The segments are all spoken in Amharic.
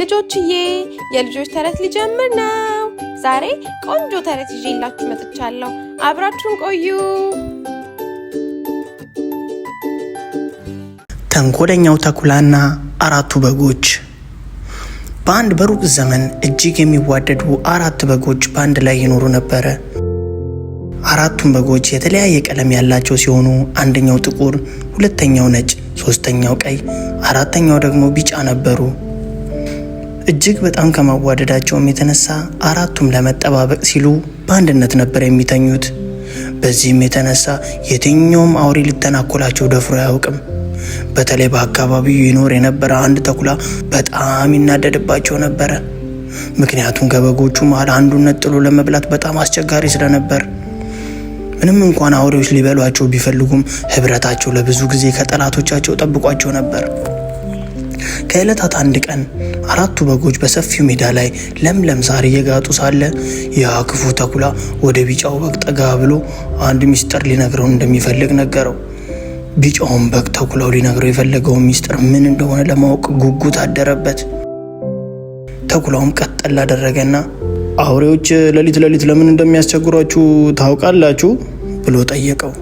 ልጆችዬ የልጆች ተረት ሊጀምር ነው። ዛሬ ቆንጆ ተረት ይዤላችሁ መጥቻለሁ። አብራችሁን ቆዩ። ተንኮለኛው ተኩላና አራቱ በጎች። በአንድ በሩቅ ዘመን እጅግ የሚዋደዱ አራት በጎች በአንድ ላይ ይኖሩ ነበረ። አራቱም በጎች የተለያየ ቀለም ያላቸው ሲሆኑ አንደኛው ጥቁር፣ ሁለተኛው ነጭ፣ ሶስተኛው ቀይ፣ አራተኛው ደግሞ ቢጫ ነበሩ። እጅግ በጣም ከማዋደዳቸውም የተነሳ አራቱም ለመጠባበቅ ሲሉ በአንድነት ነበር የሚተኙት። በዚህም የተነሳ የትኛውም አውሬ ሊተናኮላቸው ደፍሮ አያውቅም። በተለይ በአካባቢው ይኖር የነበረ አንድ ተኩላ በጣም ይናደድባቸው ነበረ። ምክንያቱም ከበጎቹ መሃል አንዱን ነጥሎ ለመብላት በጣም አስቸጋሪ ስለነበር ምንም እንኳን አውሬዎች ሊበሏቸው ቢፈልጉም ህብረታቸው ለብዙ ጊዜ ከጠላቶቻቸው ጠብቋቸው ነበር። ከዕለታት አንድ ቀን አራቱ በጎች በሰፊው ሜዳ ላይ ለምለም ሳር እየጋጡ ሳለ ያ ክፉ ተኩላ ወደ ቢጫው በግ ጠጋ ብሎ አንድ ሚስጥር ሊነግረው እንደሚፈልግ ነገረው። ቢጫውን በግ ተኩላው ሊነግረው የፈለገውን ሚስጥር ምን እንደሆነ ለማወቅ ጉጉት አደረበት። ተኩላውም ቀጠል አደረገና አውሬዎች ሌሊት ሌሊት ለምን እንደሚያስቸግሯችሁ ታውቃላችሁ? ብሎ ጠየቀው።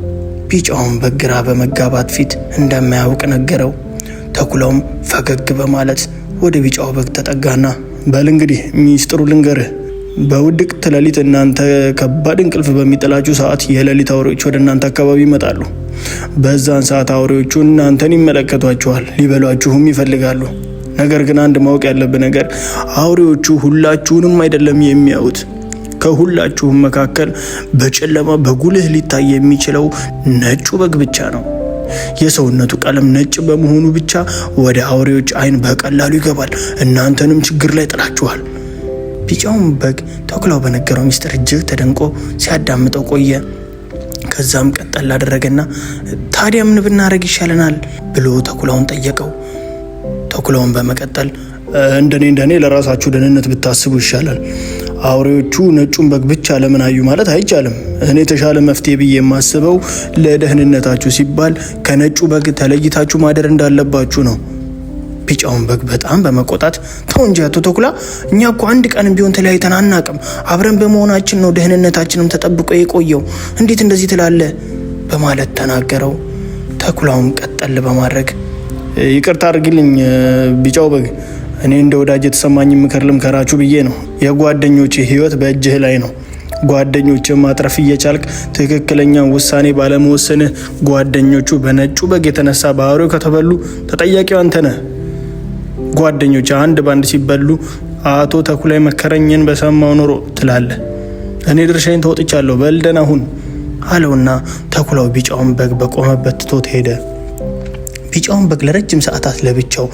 ቢጫውን በግ ግራ በመጋባት ፊት እንደማያውቅ ነገረው። ተኩላውም ፈገግ በማለት ወደ ቢጫው በግ ተጠጋና በል እንግዲህ ሚስጥሩ ልንገርህ በውድቅት ሌሊት እናንተ ከባድ እንቅልፍ በሚጠላችሁ ሰዓት የሌሊት አውሬዎች ወደ እናንተ አካባቢ ይመጣሉ። በዛን ሰዓት አውሬዎቹ እናንተን ይመለከቷችኋል፣ ሊበሏችሁም ይፈልጋሉ። ነገር ግን አንድ ማወቅ ያለብህ ነገር አውሬዎቹ ሁላችሁንም አይደለም የሚያዩት። ከሁላችሁም መካከል በጨለማ በጉልህ ሊታይ የሚችለው ነጩ በግ ብቻ ነው። የሰውነቱ ቀለም ነጭ በመሆኑ ብቻ ወደ አውሬዎች አይን በቀላሉ ይገባል። እናንተንም ችግር ላይ ጥላችኋል። ቢጫውን በግ ተኩላው በነገረው ሚስጥር እጅግ ተደንቆ ሲያዳምጠው ቆየ። ከዛም ቀጠል አደረገና ታዲያ ምን ብናደረግ ይሻለናል ብሎ ተኩላውን ጠየቀው። ተኩላውን በመቀጠል እንደኔ እንደኔ ለራሳችሁ ደህንነት ብታስቡ ይሻላል። አውሬዎቹ ነጩን በግ ብቻ ለምን አዩ ማለት አይቻልም። እኔ የተሻለ መፍትሄ ብዬ የማስበው ለደህንነታችሁ ሲባል ከነጩ በግ ተለይታችሁ ማደር እንዳለባችሁ ነው። ቢጫውን በግ በጣም በመቆጣት ተው እንጂ አቶ ተኩላ፣ እኛ እኮ አንድ ቀንም ቢሆን ተለያይተን አናቅም። አብረን በመሆናችን ነው ደህንነታችንም ተጠብቆ የቆየው። እንዴት እንደዚህ ትላለ? በማለት ተናገረው። ተኩላውም ቀጠል በማድረግ ይቅርታ አድርግልኝ ቢጫው በግ እኔ እንደ ወዳጅ የተሰማኝ ምክር ልምከራችሁ ብዬ ነው። የጓደኞች ህይወት በእጅህ ላይ ነው። ጓደኞችን ማጥረፍ እየቻልክ ትክክለኛ ውሳኔ ባለመወሰንህ ጓደኞቹ በነጩ በግ የተነሳ ባህሪው ከተበሉ ተጠያቂው አንተ ነህ። ጓደኞች አንድ ባንድ ሲበሉ አቶ ተኩላይ መከረኝን በሰማው ኖሮ ትላለ እኔ ድርሻዬን ተወጥቻለሁ በልደን አሁን አለውና ተኩላው ቢጫውን በግ በቆመበት ትቶት ሄደ። ቢጫውን በግ ለረጅም ሰዓታት ለብቻው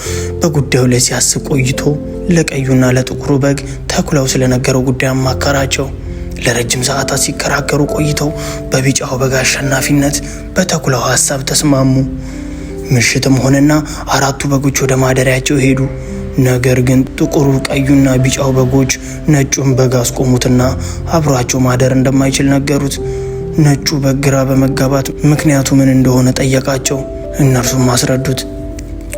በጉዳዩ ላይ ሲያስብ ቆይቶ ለቀዩና ለጥቁሩ በግ ተኩላው ስለነገረው ጉዳይ አማከራቸው። ለረጅም ሰዓታት ሲከራከሩ ቆይተው በቢጫው በግ አሸናፊነት በተኩላው ሀሳብ ተስማሙ። ምሽትም ሆነና አራቱ በጎች ወደ ማደሪያቸው ሄዱ። ነገር ግን ጥቁሩ፣ ቀዩና ቢጫው በጎች ነጩን በግ አስቆሙትና አብሯቸው ማደር እንደማይችል ነገሩት። ነጩ በግ ግራ በመጋባት ምክንያቱ ምን እንደሆነ ጠየቃቸው። እነርሱም አስረዱት።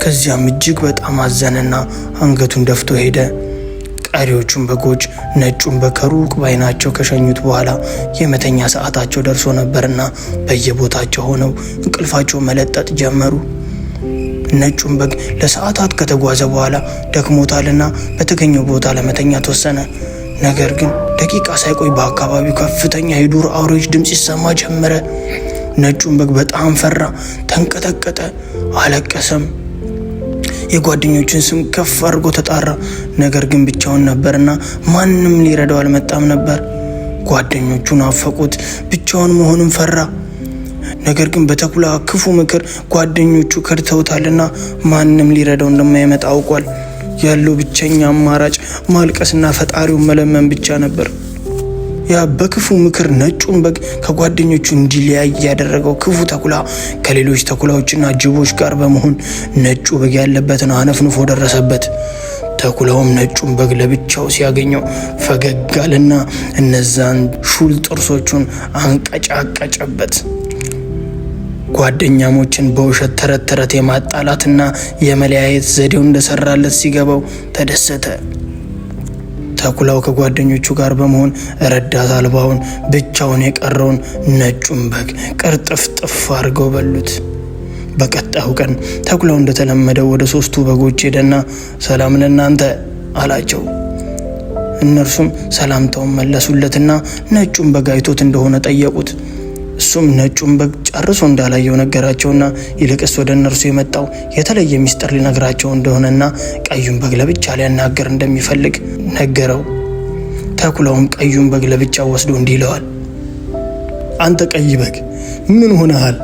ከዚያም እጅግ በጣም አዘነና አንገቱን ደፍቶ ሄደ። ቀሪዎቹም በጎች ነጩን በከሩቅ ባይናቸው ከሸኙት በኋላ የመተኛ ሰዓታቸው ደርሶ ነበርና በየቦታቸው ሆነው እንቅልፋቸው መለጠጥ ጀመሩ። ነጩን በግ ለሰዓታት ከተጓዘ በኋላ ደክሞታልና በተገኘው ቦታ ለመተኛ ተወሰነ። ነገር ግን ደቂቃ ሳይቆይ በአካባቢው ከፍተኛ የዱር አውሬዎች ድምፅ ይሰማ ጀመረ። ነጩን በግ በጣም ፈራ፣ ተንቀጠቀጠ፣ አለቀሰም። የጓደኞችን ስም ከፍ አድርጎ ተጣራ። ነገር ግን ብቻውን ነበርና ማንም ሊረዳው አልመጣም ነበር። ጓደኞቹን አፈቁት፣ ብቻውን መሆኑን ፈራ። ነገር ግን በተኩላ ክፉ ምክር ጓደኞቹ ከድተውታልና ማንም ሊረዳው እንደማይመጣ አውቋል። ያለው ብቸኛ አማራጭ ማልቀስና ፈጣሪውን መለመን ብቻ ነበር። ያ በክፉ ምክር ነጩን በግ ከጓደኞቹ እንዲለያይ ያደረገው ክፉ ተኩላ ከሌሎች ተኩላዎችና ጅቦች ጋር በመሆን ነጩ በግ ያለበትን አነፍንፎ ደረሰበት። ተኩላውም ነጩን በግ ለብቻው ሲያገኘው ፈገግ አለና እነዛን ሹል ጥርሶቹን አንቀጫቀጨበት። ጓደኛሞችን በውሸት ተረት ተረት የማጣላትና የመለያየት ዘዴው እንደሰራለት ሲገባው ተደሰተ። ተኩላው ከጓደኞቹ ጋር በመሆን ረዳት አልባውን ብቻውን የቀረውን ነጩን በግ ቅርጥፍጥፍ አድርገው በሉት። በቀጣዩ ቀን ተኩላው እንደተለመደው ወደ ሶስቱ በጎች ሄደና ሰላም ለእናንተ አላቸው። እነርሱም ሰላምታውን መለሱለትና ነጩን በግ አይቶት እንደሆነ ጠየቁት። እሱም ነጩን በግ ጨርሶ እንዳላየው ነገራቸውና ይልቅስ ወደ እነርሱ የመጣው የተለየ ሚስጥር ሊነግራቸው እንደሆነና ቀዩን በግ ለብቻ ሊያናገር እንደሚፈልግ ነገረው። ተኩላውም ቀዩን በግ ለብቻ ወስዶ እንዲህ ይለዋል፣ አንተ ቀይ በግ ምን ሆነሃል?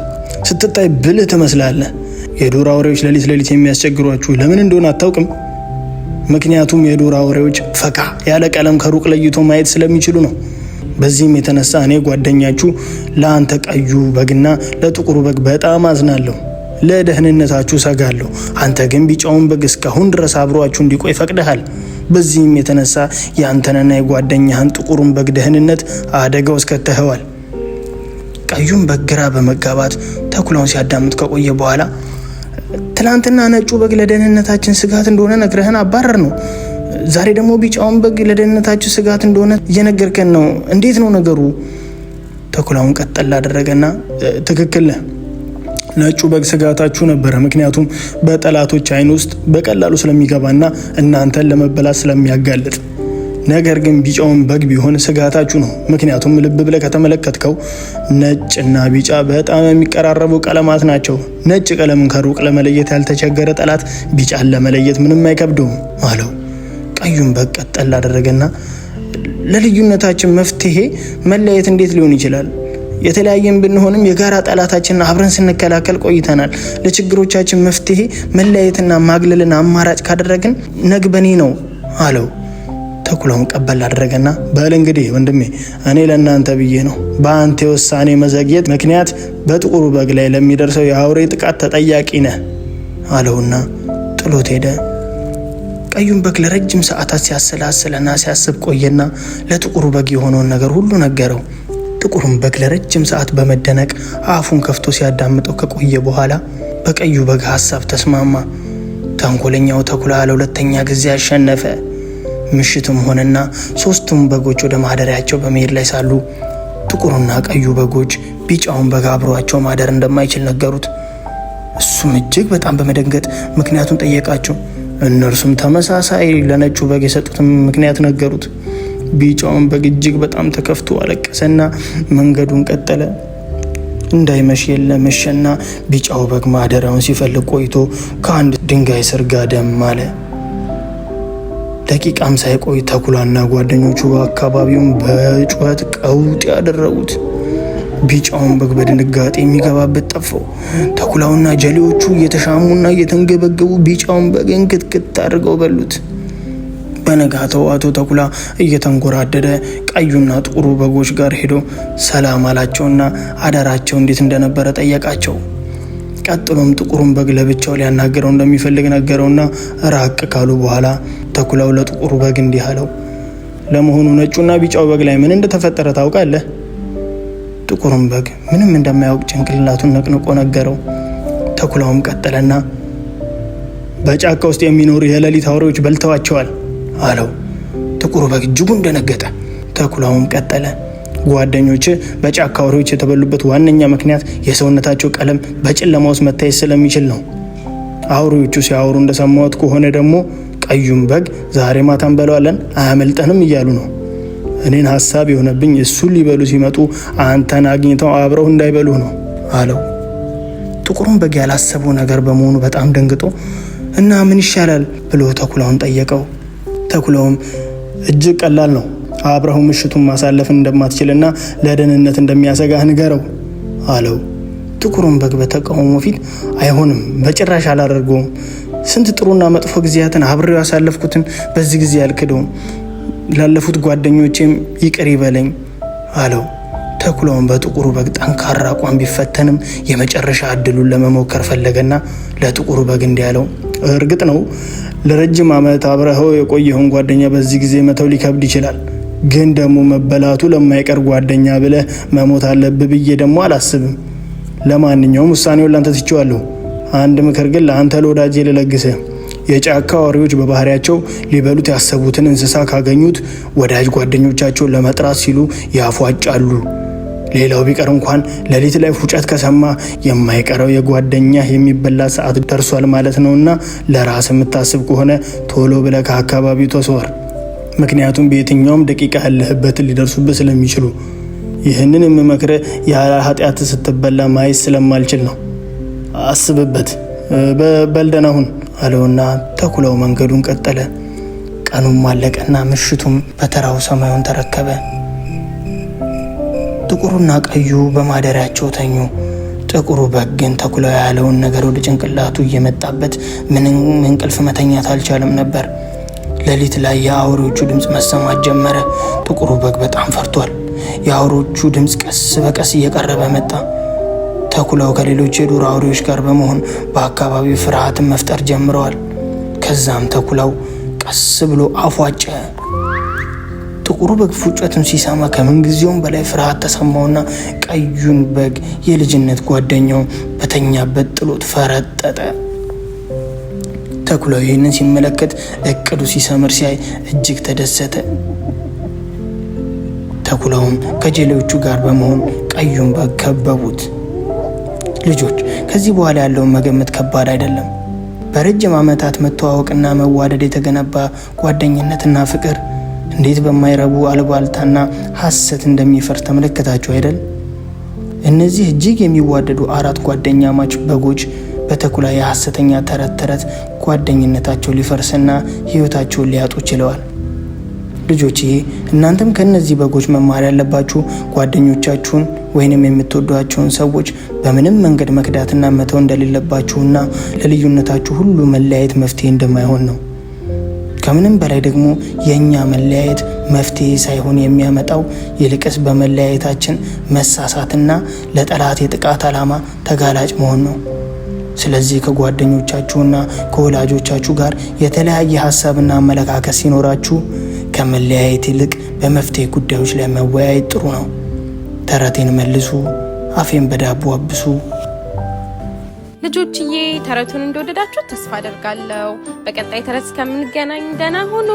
ስትታይ ብልህ ትመስላለህ። የዱር አውሬዎች ሌሊት ሌሊት የሚያስቸግሯችሁ ለምን እንደሆነ አታውቅም። ምክንያቱም የዱር አውሬዎች ፈካ ያለ ቀለም ከሩቅ ለይቶ ማየት ስለሚችሉ ነው። በዚህም የተነሳ እኔ ጓደኛችሁ ለአንተ ቀዩ በግና ለጥቁሩ በግ በጣም አዝናለሁ፣ ለደህንነታችሁ ሰጋለሁ። አንተ ግን ቢጫውን በግ እስካሁን ድረስ አብሯችሁ እንዲቆይ ፈቅደሃል። በዚህም የተነሳ የአንተንና የጓደኛህን ጥቁሩን በግ ደህንነት አደጋ ውስጥ ቀዩን በግ ግራ በመጋባት ተኩላውን ሲያዳምጥ ከቆየ በኋላ ትናንትና ነጩ በግ ለደህንነታችን ስጋት እንደሆነ ነግረህን አባረር ነው ዛሬ ደግሞ ቢጫውን በግ ለደህንነታችሁ ስጋት እንደሆነ እየነገርከን ነው። እንዴት ነው ነገሩ? ተኩላውን ቀጠል ላደረገና ትክክል ነጩ በግ ስጋታችሁ ነበረ። ምክንያቱም በጠላቶች አይን ውስጥ በቀላሉ ስለሚገባና እናንተን ለመበላት ስለሚያጋልጥ ነገር ግን ቢጫውን በግ ቢሆን ስጋታችሁ ነው። ምክንያቱም ልብ ብለህ ከተመለከትከው ነጭና ቢጫ በጣም የሚቀራረቡ ቀለማት ናቸው። ነጭ ቀለምን ከሩቅ ለመለየት ያልተቸገረ ጠላት ቢጫን ለመለየት ምንም አይከብደውም አለው። ቀዩን በቀጠል አደረገና ለልዩነታችን መፍትሄ መለያየት እንዴት ሊሆን ይችላል? የተለያየን ብንሆንም የጋራ ጠላታችንን አብረን ስንከላከል ቆይተናል። ለችግሮቻችን መፍትሄ መለያየትና ማግለልን አማራጭ ካደረግን ነግ በኔ ነው አለው። ተኩላውን ቀበል አደረገና በል እንግዲህ ወንድሜ እኔ ለእናንተ ብዬ ነው በአንተ የውሳኔ መዘግየት ምክንያት በጥቁሩ በግ ላይ ለሚደርሰው የአውሬ ጥቃት ተጠያቂ ነህ አለውና ጥሎት ሄደ። ቀዩን በግ ለረጅም ሰዓታት ሲያሰላስለና ሲያስብ ቆየና ለጥቁሩ በግ የሆነውን ነገር ሁሉ ነገረው። ጥቁሩን በግ ለረጅም ሰዓት በመደነቅ አፉን ከፍቶ ሲያዳምጠው ከቆየ በኋላ በቀዩ በግ ሀሳብ ተስማማ። ተንኮለኛው ተኩላ ለሁለተኛ ጊዜ አሸነፈ። ምሽትም ሆነና ሶስቱም በጎች ወደ ማደሪያቸው በመሄድ ላይ ሳሉ ጥቁሩና ቀዩ በጎች ቢጫውን በግ አብሯቸው ማደር እንደማይችል ነገሩት። እሱም እጅግ በጣም በመደንገጥ ምክንያቱን ጠየቃቸው። እነርሱም ተመሳሳይ ለነጩ በግ የሰጡትን ምክንያት ነገሩት። ቢጫውን በግ እጅግ በጣም ተከፍቶ አለቀሰና መንገዱን ቀጠለ። እንዳይመሽ የለመሸና ቢጫው በግ ማደሪያውን ሲፈልግ ቆይቶ ከአንድ ድንጋይ ስር ጋደም አለ። ደቂቃም ሳይቆይ ተኩላና ጓደኞቹ አካባቢውን በጩኸት ቀውጥ ያደረጉት። ቢጫውን በግ በድንጋጤ የሚገባበት ጠፋው። ተኩላውና ጀሌዎቹ እየተሻሙና እየተንገበገቡ ቢጫውን በግ እንክትክት አድርገው በሉት። በነጋተው አቶ ተኩላ እየተንጎራደደ ቀዩና ጥቁሩ በጎች ጋር ሄዶ ሰላም አላቸውና አዳራቸው እንዴት እንደነበረ ጠየቃቸው። ቀጥሎም ጥቁሩን በግ ለብቻው ሊያናገረው እንደሚፈልግ ነገረውና ራቅ ካሉ በኋላ ተኩላው ለጥቁሩ በግ እንዲህ አለው፣ ለመሆኑ ነጩና ቢጫው በግ ላይ ምን እንደተፈጠረ ታውቃለህ? ጥቁሩን በግ ምንም እንደማያውቅ ጭንቅላቱን ነቅንቆ ነገረው። ተኩላውም ቀጠለና በጫካ ውስጥ የሚኖሩ የሌሊት አውሬዎች በልተዋቸዋል አለው። ጥቁሩ በግ እጅጉ እንደነገጠ፣ ተኩላውም ቀጠለ ጓደኞች በጫካ አውሬዎች የተበሉበት ዋነኛ ምክንያት የሰውነታቸው ቀለም በጨለማ ውስጥ መታየት ስለሚችል ነው። አውሬዎቹ ሲያወሩ እንደሰማሁት ከሆነ ደግሞ ቀዩም በግ ዛሬ ማታ እንበለዋለን አያመልጠንም እያሉ ነው። እኔን ሀሳብ የሆነብኝ እሱን ሊበሉ ሲመጡ አንተን አግኝተው አብረው እንዳይበሉ ነው አለው። ጥቁሩን በግ ያላሰበው ነገር በመሆኑ በጣም ደንግጦ እና ምን ይሻላል ብሎ ተኩላውን ጠየቀው። ተኩላውም እጅግ ቀላል ነው፣ አብረው ምሽቱን ማሳለፍ እንደማትችልና ለደህንነት እንደሚያሰጋህ ንገረው አለው። ጥቁሩን በግ በተቃውሞ ፊት አይሆንም፣ በጭራሽ አላደርገውም ስንት ጥሩና መጥፎ ጊዜያትን አብሬው ያሳለፍኩትን በዚህ ጊዜ አልክደውም። ላለፉት ጓደኞቼም ይቅር ይበለኝ አለው። ተኩላውን በጥቁሩ በግ ጠንካራ አቋም ቢፈተንም የመጨረሻ እድሉን ለመሞከር ፈለገና ለጥቁሩ በግ እንዲህ ያለው፣ እርግጥ ነው ለረጅም ዓመት አብረኸው የቆየውን ጓደኛ በዚህ ጊዜ መተው ሊከብድ ይችላል። ግን ደግሞ መበላቱ ለማይቀር ጓደኛ ብለህ መሞት አለብህ ብዬ ደግሞ አላስብም። ለማንኛውም ውሳኔውን ላንተ ትችዋለሁ። አንድ ምክር ግን ለአንተ ለወዳጄ ልለግስህ የጫካ አውሬዎች በባህሪያቸው ሊበሉት ያሰቡትን እንስሳ ካገኙት ወዳጅ ጓደኞቻቸውን ለመጥራት ሲሉ ያፏጫሉ። ሌላው ቢቀር እንኳን ሌሊት ላይ ፉጨት ከሰማ የማይቀረው የጓደኛህ የሚበላ ሰዓት ደርሷል ማለት ነውና ለራስ የምታስብ ከሆነ ቶሎ ብለ ከአካባቢው ተሰወር። ምክንያቱም በየትኛውም ደቂቃ ያለህበትን ሊደርሱበት ስለሚችሉ። ይህንን የምመክረ ያለ ኃጢአት ስትበላ ማየት ስለማልችል ነው። አስብበት። በልደን አሁን አለውና ተኩላው መንገዱን ቀጠለ። ቀኑም አለቀና ምሽቱም በተራው ሰማዩን ተረከበ። ጥቁሩና ቀዩ በማደሪያቸው ተኙ። ጥቁሩ በግ ግን ተኩላው ያለውን ነገር ወደ ጭንቅላቱ እየመጣበት ምንም እንቅልፍ መተኛት አልቻለም ነበር። ሌሊት ላይ የአውሬዎቹ ድምፅ መሰማት ጀመረ። ጥቁሩ በግ በጣም ፈርቷል። የአውሬዎቹ ድምፅ ቀስ በቀስ እየቀረበ መጣ። ተኩላው ከሌሎች የዱር አውሬዎች ጋር በመሆን በአካባቢው ፍርሃትን መፍጠር ጀምረዋል። ከዛም ተኩላው ቀስ ብሎ አፏጨ። ጥቁሩ በግ ፉጨቱን ሲሰማ ከምንጊዜውም በላይ ፍርሃት ተሰማውና ቀዩን በግ የልጅነት ጓደኛው በተኛበት ጥሎት ፈረጠጠ። ተኩላው ይህንን ሲመለከት እቅዱ ሲሰምር ሲያይ እጅግ ተደሰተ። ተኩላውም ከጀሌዎቹ ጋር በመሆን ቀዩን በግ ከበቡት። ልጆች ከዚህ በኋላ ያለውን መገመት ከባድ አይደለም። በረጅም ዓመታት መተዋወቅና መዋደድ የተገነባ ጓደኝነትና ፍቅር እንዴት በማይረቡ አልባልታና ሐሰት እንደሚፈርስ ተመለከታችሁ አይደል? እነዚህ እጅግ የሚዋደዱ አራት ጓደኛማች በጎች በተኩላ የሐሰተኛ ተረት ተረት ጓደኝነታቸው ሊፈርስና ሕይወታቸውን ሊያጡ ችለዋል። ልጆችዬ እናንተም ከእነዚህ በጎች መማር ያለባችሁ ጓደኞቻችሁን ወይንም የምትወዷቸውን ሰዎች በምንም መንገድ መክዳትና መተው እንደሌለባችሁና ለልዩነታችሁ ሁሉ መለያየት መፍትሄ እንደማይሆን ነው። ከምንም በላይ ደግሞ የእኛ መለያየት መፍትሄ ሳይሆን የሚያመጣው ይልቅስ በመለያየታችን መሳሳትና ለጠላት የጥቃት ዓላማ ተጋላጭ መሆን ነው። ስለዚህ ከጓደኞቻችሁና ከወላጆቻችሁ ጋር የተለያየ ሀሳብና አመለካከት ሲኖራችሁ ከመለያየት ይልቅ በመፍትሄ ጉዳዮች ላይ መወያየት ጥሩ ነው። ተረቴን መልሱ፣ አፌን በዳቦ አብሱ። ልጆችዬ ተረቱን እንደወደዳችሁ ተስፋ አደርጋለሁ። በቀጣይ ተረት እስከምንገናኝ ደህና ሁኑ።